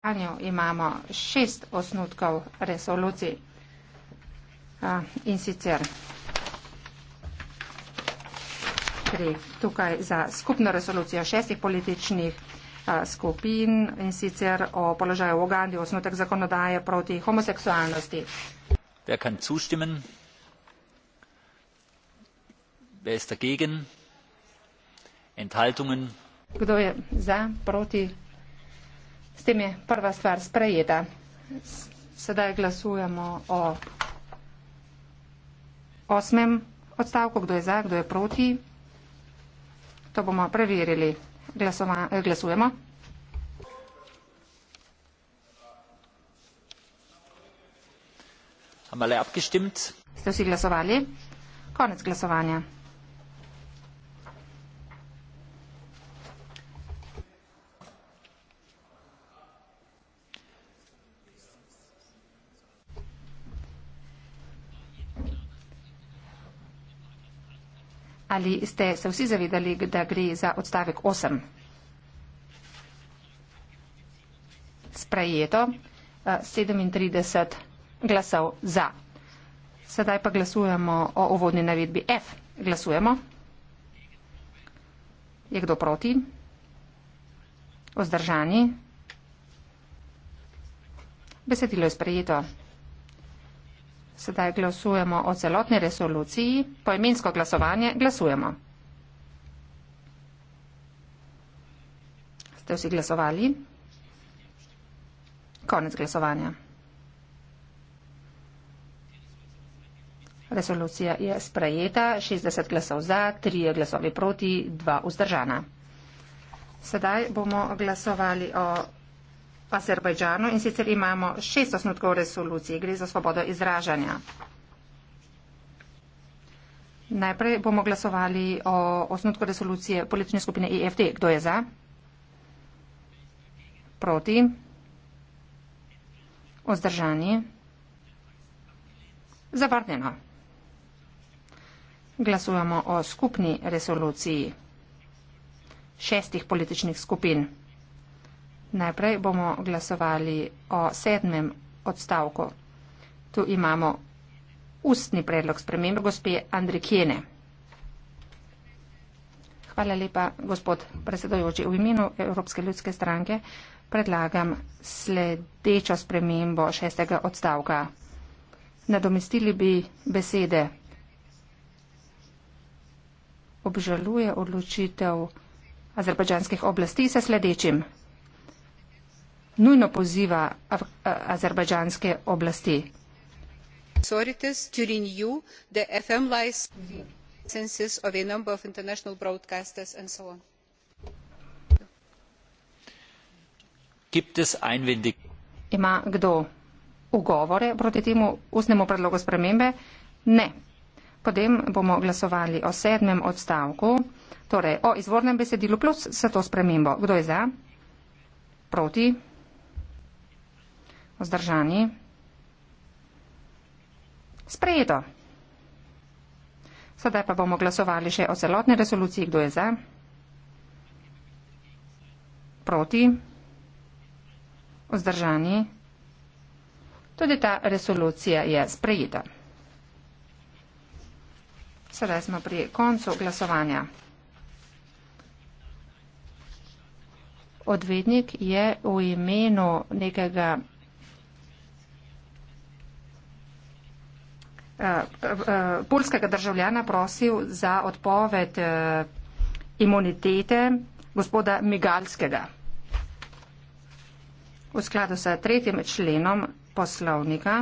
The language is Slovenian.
vprašanju imamo šest osnutkov resolucij in sicer gre tukaj za skupno resolucijo šestih političnih skupin in sicer o položaju v Ugandi, osnutek zakonodaje proti homoseksualnosti. Wer kann zustimmen? Wer ist dagegen? Enthaltungen? Kdo je za, proti? S tem je prva stvar sprejeta. Sedaj glasujemo o osmem odstavku, kdo je za, kdo je proti. To bomo preverili. Glasova, glasujemo. Ste vsi glasovali? Konec glasovanja. Ali ste se vsi zavedali, da gre za odstavek 8? Sprejeto 37 eh, glasov za. Sedaj pa glasujemo o uvodni navedbi F. Glasujemo. Je kdo proti? Ozdržani? Besedilo je sprejeto. Sedaj glasujemo o celotni resoluciji. Poimensko glasovanje glasujemo. Ste vsi glasovali? Konec glasovanja. Resolucija je sprejeta, 60 glasov za, 3 glasovi proti, 2 vzdržana. Sedaj bomo glasovali o Azerbajdžanu in sicer imamo šest osnutkov resolucij, gre za svobodo izražanja. Najprej bomo glasovali o osnutku resolucije politične skupine IFD. E Kdo je za? Proti? Ozdržani? Zavrnjeno. Glasujemo o skupni resoluciji šestih političnih skupin. Najprej bomo glasovali o sedmem odstavku. Tu imamo ustni predlog spremembe gospe Andrikjene. Hvala lepa, gospod predsedojoči. V imenu Evropske ljudske stranke predlagam sledečo spremembo šestega odstavka. Nadomestili bi besede. Obžaluje odločitev azerbajdžanskih oblasti sa sledečim nujno poziva azerbajdžanske oblasti. Ima kdo ugovore proti temu usnemu predlogu spremembe? Ne. Potem bomo glasovali o sedmem odstavku, torej o izvornem besedilu plus vse to spremembo. Kdo je za? Proti? Vzdržani. Sprejeto. Sedaj pa bomo glasovali še o celotni resoluciji. Kdo je za? Proti? Vzdržani. Tudi ta resolucija je sprejeta. Sedaj smo pri koncu glasovanja. Odvednik je v imenu nekega. Eh, eh, polskega državljana prosil za odpoved eh, imunitete gospoda Migalskega. V skladu s tretjim členom poslovnika